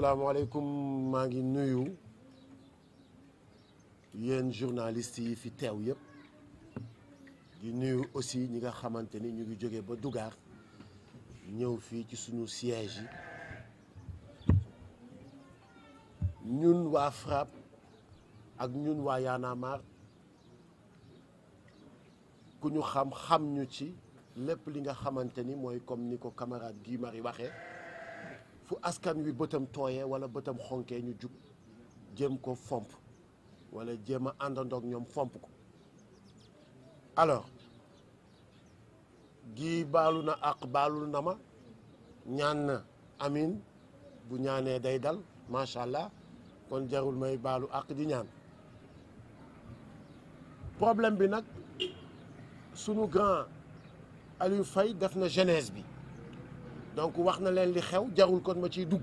asalaamaaleykum maa ngi nuyu yéen journalistes yi fi teew yépp di nuyu aussi ñi nga xamante ni ñu ngi jóge ba dugaar ñëw fii ci suñu siège yi ñun waa FRAPP ak ñun waa Y'en ku ñu xam xam ñu ci lépp li nga xamante ni mooy comme ni ko camarade Guy Marie waxee fu askan wi bëtam tooyee wala bëtam xonkee ñu jug jéem ko fomp wala jéem a àndandoog ñoom fomp ko alors gii baalu na ak baalul na ma ñaan na amin bu ñaanee day dal macha allah kon jarul may baalu ak di ñaan problème bi nag sunu grand Aliou fay def na genèse bi donc wax na leen li xew jarul kon ma ciy dugg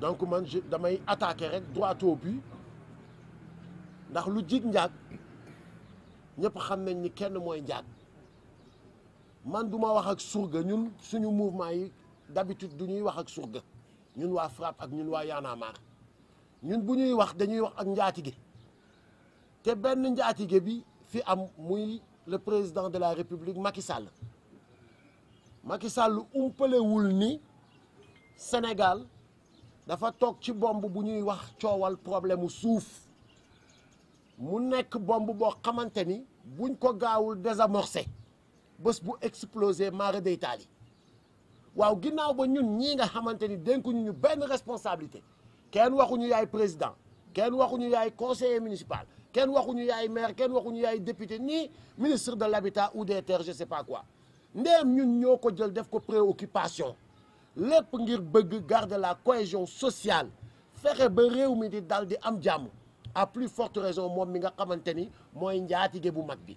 donc man je damay attaquer rek droit au but ndax lu jig njaag ñëpp xam nañ ni kenn mooy njaag man du ma wax ak surga ñun suñu mouvement yi d'habitude du ñuy wax ak surga ñun waa FRAPP ak ñun waa Y'en a ñun bu ñuy wax dañuy wax ak njaatige te benn njaatige bi fi am muy le président de la République Macky Sall Macky Sall umpalewul ni Sénégal dafa toog ci bomb bu ñuy wax coowal problème mu suuf mu nekk bomb boo xamante ni buñ ko gaawul désamorcé bés bu explosé mara day taali waaw ginnaaw ba ñun ñii nga xamante ni dénkuñu ñu benn responsabilité kenn waxuñu yaay président kenn waxuñu yaay conseiller municipal kenn waxuñu yaay maire kenn waxuñu yaay député ni ministre de l'habitat ou des terres je sais pas quoi ndeem ñun ñoo ko jël def ko préoccupation lépp ngir bëgg garder la cohésion sociale fexe ba réew mi di dal di am jàmm à plus forte raison moom mi nga xamante ni mooy njaatige bu mag bi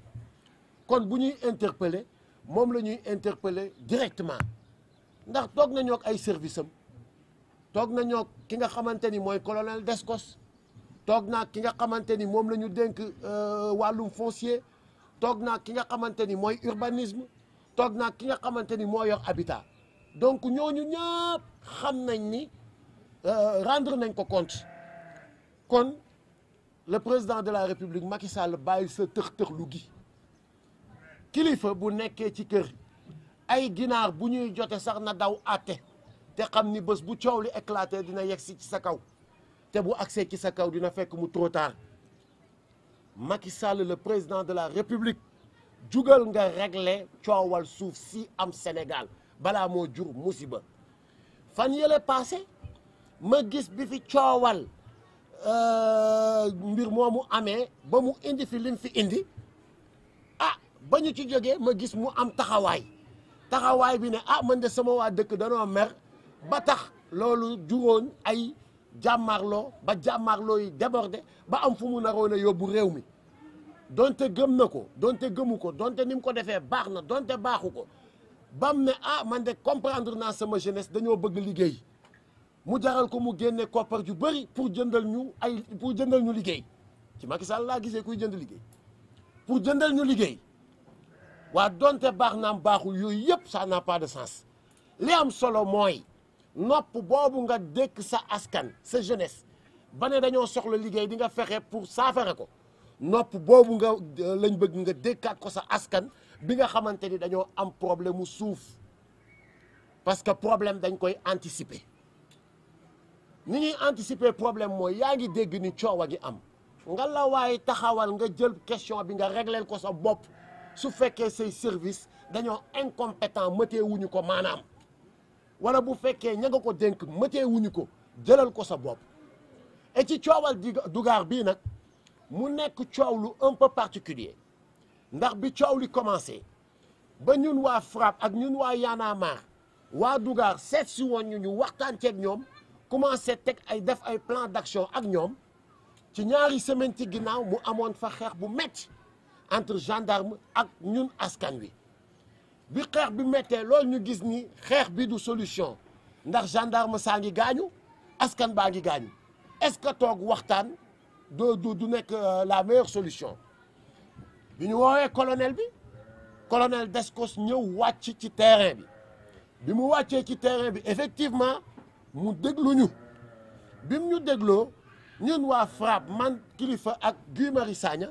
kon bu ñuy interpeller moom la ñuy interpeller directement ndax toog nañoo ak ay service am toog nañoo ak ki nga xamante ni mooy colonel Descos toog naa ki nga xamante ni moom la ñu dénk euh, wàllum foncier toog na ki nga xamante ni mooy urbanisme toog naa ki nga xamante ni moo yor habitat donc ñooñu ñëpp xam nañ ni euh, rendre nañ ko compte kon le président de la république Macky Sall bàyyi sa tëx-tëxlu gi kilifa bu nekkee ci kër ay ginaar bu ñuy jote sax na daw àtte te xam ni bés bu coow li éclaté dina yegg si ci sa kaw te bu agsee ci sa kaw dina fekk mu trop tard Macky Sall le président de la république jugal nga régler coowal suuf si am senegal balaa moo jur musiba fan yële passé ma gis bi fi coowal euh, mbir moomu amee ba mu indi fi lim fi indi a ah, ba ñu ci jógee ma gis mu am taxawaay taxawaay bi ne ah man de sama waa dëkk danoo mer ba tax loolu juróon ay jàmmaarloo ba jàmmaarloo yi ba am fu mu naroon a yóbbu réew mi donte gëm na ko donte gëmu ko donte ni mu ko defee baax na donte baaxu ko bam ne ah man de comprendre naa sama jeunesse dañoo bëgg liggéey mu jaral ko mu génne koppar ju bëri pour jëndal ñu ay pour jëndal ñu liggéey ci Macky Sall laa gisee kuy jënd liggéey pour jëndal ñu liggéey waa donte baax naam baaxul yooyu yëpp ça n'a pas de sens li am solo mooy nopp boobu nga dékk sa askan sa jeunesse ba ne dañoo soxla liggéey di nga fexe pour saafara ko nopp boobu nga euh, lañ bëgg nga dékkaat ko sa askan bi nga xamante ni dañoo am problème mu suuf parce que problème dañ koy anticiper ni ñuy anticiper problème mooy yaa ngi dégg ni coow a gi am nga la waaye taxawal nga jël question bi nga régleel ko sa bopp su fekkee say service dañoo incompétent mëtee wuñu ko maanaam wala bu fekkee ña nga ko dénk mëtee wuñu ko jëlal ko sa bopp et ci coowal dugaar bii nag mu nekk coow lu un peu particulier ndax bi coow li commencé ba ñun waa FRAPP ak ñun waa Y'en a waa Dugar seet si woon ñu ñu waxtaan ceeg ñoom commencé teg ay def ay plan d'action ak ñoom ci ñaari semaine ci ginnaaw mu amoon fa xeex bu metti entre gendarme ak ñun askan wi bi xeex bi méttee loolu ñu gis ni xeex bi du solution ndax gendarme saa ngi gaañu askan baa ngi gaañu est-ce que toog waxtaan du du nekk euh, la meilleure solution bi ñu woowee colonel bi colonel Descos ñëw wàcc ci terrain bi bi mu wàccee ci terrain bi effectivement mu déglu ñu bi mu ñu dégloo ñun waa FRAPP man kilifa ak Guy Marius Sagna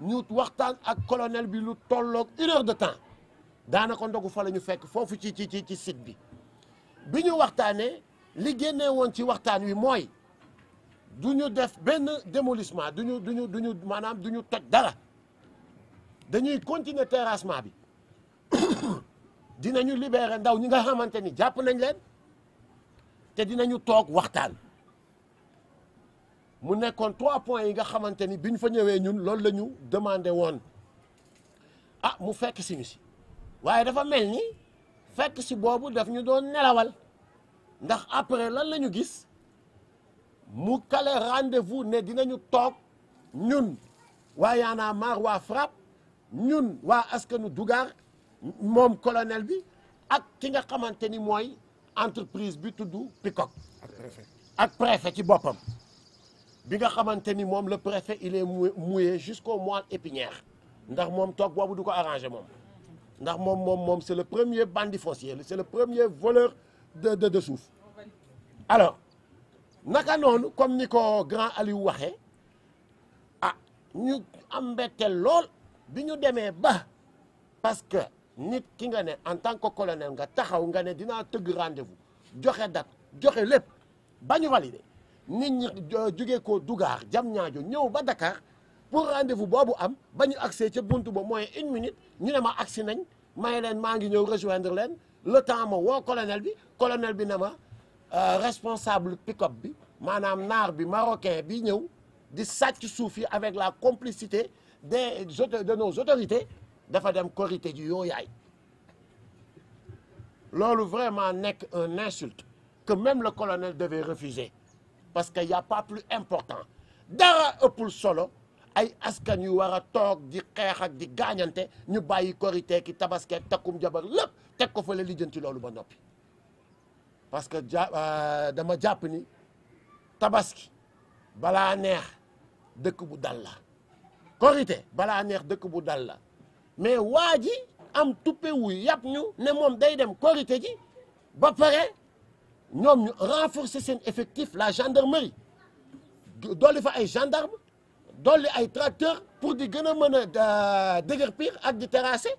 ñu waxtaan ak colonel bi lu tolloog une heure de temps daanaka ndogu fa la ñu fekk foofu ci ci ci ci site bi bi ñu waxtaanee li génne woon ci waxtaan wi mooy du ñu def benn démolissement du ñu du ñu du ñu maanaam du ñu toj dara dañuy continuer terrassement bi dinañu libérer ndaw ñi nga xamante ni jàpp nañ leen te dinañu toog waxtaan mu nekkoon trois points yi nga xamante ni biñ fa ñëwee ñun loolu la ñu demandé woon ah mu fekk si ñu si waaye dafa mel ni fekk si boobu daf ñu doon nelawal ndax après lan la ñu gis. mu kale rendez ne dinañu toog ñun waa Y'en a marre waa FRAPP ñun waa askanu Dougar moom colonel bi ak ki nga xamante ni mooy entreprise bi tudd PICOC ak préfet ci boppam bi nga xamante ni moom le préfet il est mouillé jusqu'au moelle épinière ndax moom toog boobu du ko arrangé moom ndax moom moom moom c'est le premier bandit foncier c'est le premier voleur de de de suuf alors naka noonu comme ni ko grand Aliou waxe ah ñu am mbetteel lool bi ñu demee ba parce que nit ki nga ne en tant que colonel nga taxaw nga ne dinaa tëgg rendez joxe dat joxe lépp ba ñu validé nit ñi jugee ko Dugar jam ñaajo ñëw ba Dakar pour rendez boobu am ba ñu accès ca buntu ba mooy une minute ñu ne ma agsi nañ may leen maa ngi ñëw rejoindre leen le temps ma woo colonel bi colonel bi ne ma Euh, responsable pick-up bi maanaam naar bi marocain bi ñëw di sàcc suuf avec la complicité des de nos autorités dafa dem korité ji yooyaay loolu vraiment nekk un insulte que même la colonel devait refuser parce que y a pas plus important dara ëppul solo ay askan yu war a toog di xeex ak di gaañante ñu bàyyi korité ki tabaskeek takkum jabar lépp teg ko fa la lijjanti loolu ba noppi parce que ja euh, dama jàpp ni tabaski balaa neex dëkk bu dal la korité balaa neex dëkk bu dal la mais waa ji am tuppe wu yàpp ñu ne moom day dem korité ji ba pare ñoom ñu renforcer seen effectif la gendarmerie dolli fa ay gendarme dolli ay tracteur pour di gën a mën a euh, dëgër piir ak di terrasser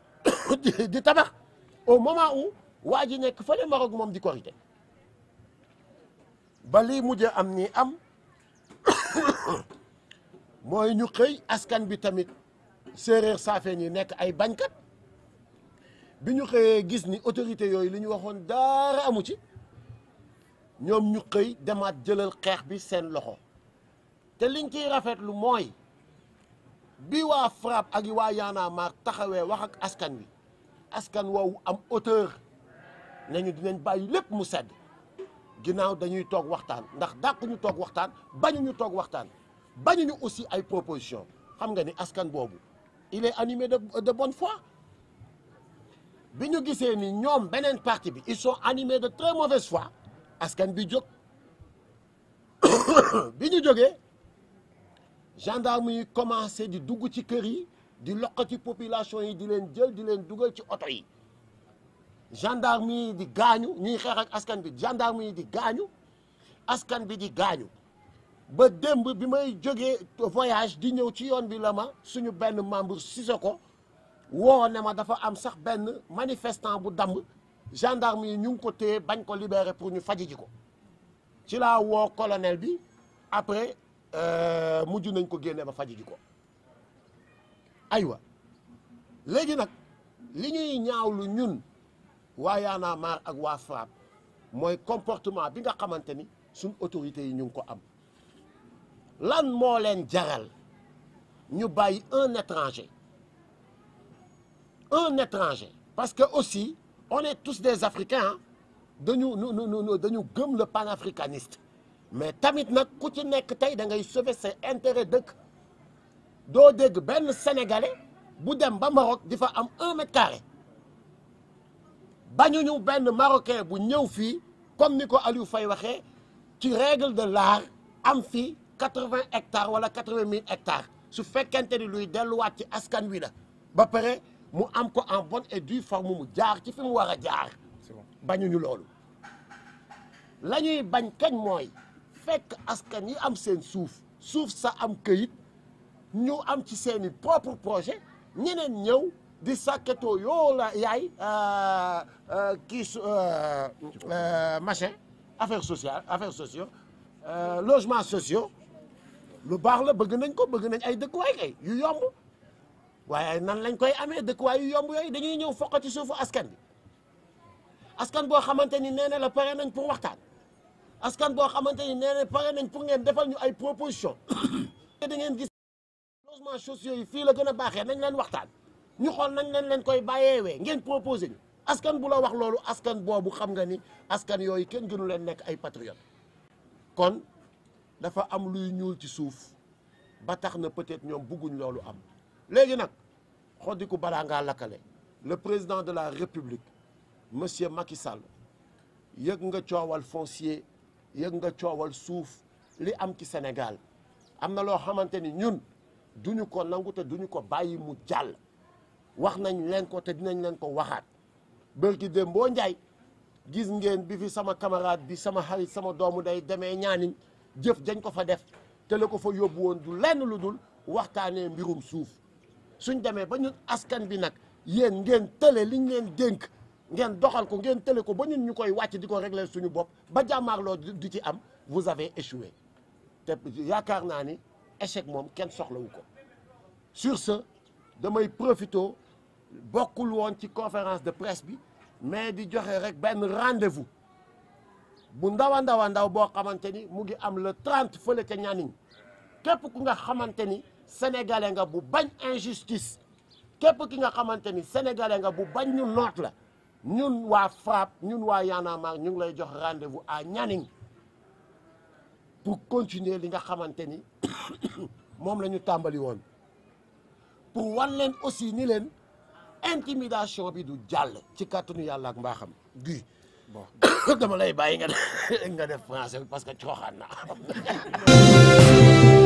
di tabax au moment où waa ji nekk fële Maroc moom di korite ba lii mujj am nii am mooy ñu xëy askan bi tamit séeréer saafeen yi nekk ay bañkat bi ñu xëyee gis ni autorité yooyu li ñu waxoon dara amu ci ñoom ñu xëy demaat jëlal xeex bi seen loxo te liñ ciy rafetlu mooy bi waa FRAPP ak waa Y'en a taxawee wax ak askan wi askan woowu am auteur ne dinañ bàyyi lépp mu sedd ginnaaw dañuy toog waxtaan ndax dàquñu toog waxtaan bañu ñu toog waxtaan bañuñu aussi ay proposition xam nga ni askan boobu il est animé de de bonne foi bi ñu gisee ni ñoom beneen parti bi il sont animés de très mauvaise foi askan bi jóg bi ñu jógee gendarme yi commencé di dugg ci kër yi di loqati population yi di leen jël di leen dugal ci oto yi gendarme yi di gaañu ñuy xeex ak askan bi gendarme yi di gaañu askan bi di gaañu ba démb bi may jógee voyage di ñëw ci yoon bi la ma suñu benn membre ko woo ne ma dafa am sax benn manifestant bu damb gendarme yi ñu ngi ko téye bañ ko libéré pour ñu faji ko ci laa woo colonel bi après euh, mujj nañ ko génne ba faji ji ko aywa léegi nag li ñuy ñaawlu ñun waa Y'en a marre ak waa FRAPP mooy comportement bi nga xamante ni suñ autorités yi ñu ngi ko am lan moo leen jaral ñu bàyyi un étranger un étranger parce que aussi on est tous des africains dañu nu dañu gëm le panafricaniste mais tamit nag ku ci nekk tey da ngay se ses intérêts dëkk doo dégg benn sénégalais bu dem ba Maroc di fa am un mètre carré bañuñu benn marocain bu ñëw fii comme ni ko Aliou Faye waxee ci règle de l'art am fi quatre-vingts hectares wala quatre-vingt mille hectares su fekkente ni luy delluwaat ci askan wi la ba pare mu am ko en bonne et due forme mu jaar ci fi mu war a jaar bañuñu loolu lañuy bañ kañ mooy fekk askan yi am seen suuf suuf sa am kayit ñu am ci seeni propre projet ñeneen ñëw di sakketo yo la yaay euh, euh, kii euh, machin affaire sociale affaire sociaux logement sociaux lu baax la bëgg nañ ko bëgg nañ ay dëkkuwaay kay yu yomb waaye nan lañ koy amee dëkkuwaay yu yomb yooyu dañuy ñëw foqati soofu askan bi askan boo xamante ni nee na la pare nañ pour waxtaan askan boo xamante ni nee na pare nañ pour ngeen defal ñu ay proposition da ngeen gis logement sociaux yi fii la gën a baaxee nañ leen waxtaan ñu xool nañ leen leen koy bàyyeewee ngeen proposé ñu askan bu la wax loolu askan boobu xam nga ni askan yooyu kenn gënu leen nekk ay patriote kon dafa am luy ñuul ci suuf ba tax na peut-être ñoom bëgguñ loolu am léegi nag xoddiku balaa ngaa lakkale le président de la république monsieur Macky Sall yëg nga coowal foncier yëg nga coowal suuf li am ci Sénégal am na loo xamante ni ñun duñu ko nangu te duñu ko bàyyi mu jàll wax nañ leen ko te dinañ leen ko waxaat bërki dem boo njaay gis ngeen bi fi sama camarade bi sama xarit sama doomu day demee ñaaniñ jëf dañ ko fa def te ko fa yóbbu woon du lenn lu dul waxtaanee mbirum suuf suñ demee ba ñun askan bi nag yéen ngeen tële liñ leen dénk ngeen doxal ko ngeen tële ko ba ñun ñu koy wàcc di ko régler suñu bopp ba jàmmaarloo di ci am vous avez échoué te yaakaar naa ni échec moom kenn soxlawu ko sur ce damay profito bokkul woon ci conférence de presse bi mais di joxe rek benn rendez-vous bu ndaw a ndaw a ndaw boo xamante ni mu ngi am le 30 fële ca ñaniñ képp ku nga xamante ni sénégale nga bu bañ injustice képp ki nga xamante ni sénégalais nga bu bañ ñu noot la ñun waa FRAPP ñun waa Y'en ñu ngi lay jox rendez-vous à ñaniñ pour continuer li nga xamante ni moom la ñu tàmbali woon pour wan leen aussi ni leen intimidation bi du jàll ci kàttanu yàlla ak mbaaxam gi bon dama lay bàyyi nga def nga def français parce que cooxaan naa